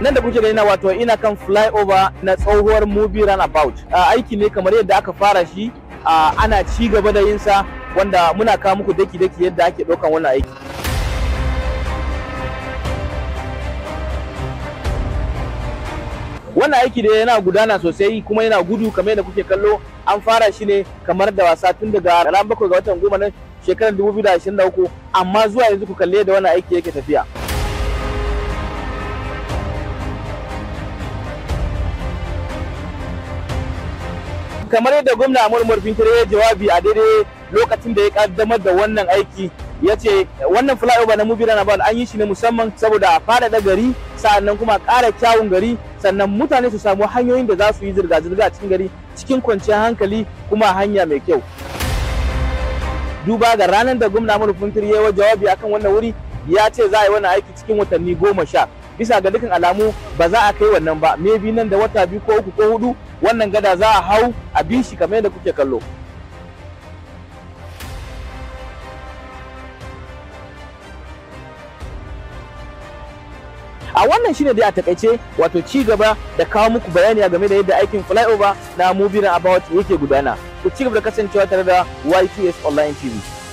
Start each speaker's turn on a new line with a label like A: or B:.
A: nan da kuke gani na wato ina kan flyover na tsohuwar movie runabout ah, aiki ne kamar yadda aka fara shi ah, ana ci gaba da yinsa wanda muna kawo muku daki-daki yadda ake ɗaukan wannan aiki wannan aiki da yana gudana sosai kuma yana gudu kamar yadda kuke kallo an fara shi ne kamar da wasa tun daga ranar bakwai ga watan goma nan shekarar 2023 amma zuwa yanzu ku kalle da wannan aiki yake tafiya kamar yadda gwamna Amur Murfin ya jawabi a daidai lokacin da ya kaddamar da wannan aiki ya ce wannan flyover na mubira na an yi shi ne musamman saboda a faɗaɗa gari sannan kuma ƙara kyawun gari sannan mutane su samu hanyoyin da za su yi zirga-zirga a cikin gari cikin kwanciyar hankali kuma hanya mai kyau duba ga ranar da gwamna Amur Murfin ya jawabi akan wannan wuri ya ce za a yi wannan aiki cikin watanni goma sha bisa ga dukkan alamu ba za a kai wannan ba bi nan da wata biyu ko uku ko hudu wannan gada za a hau a bi shi kamar yadda kuke kallo a wannan shine dai a takaice wato ci gaba da kawo muku bayani game da yadda aikin flyover na mubirin about yake gudana ku ci gaba da kasancewa tare da YTS Online TV